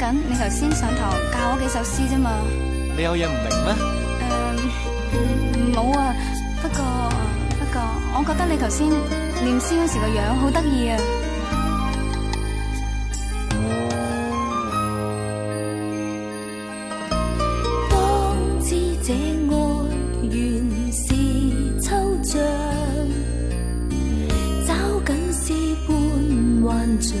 緊，你頭先上堂教我幾首詩啫嘛。你有嘢唔明咩？誒，冇啊。不過，不過，我覺得你頭先念詩嗰時個樣好得意啊。當知這愛原是抽象，找緊詩般幻象。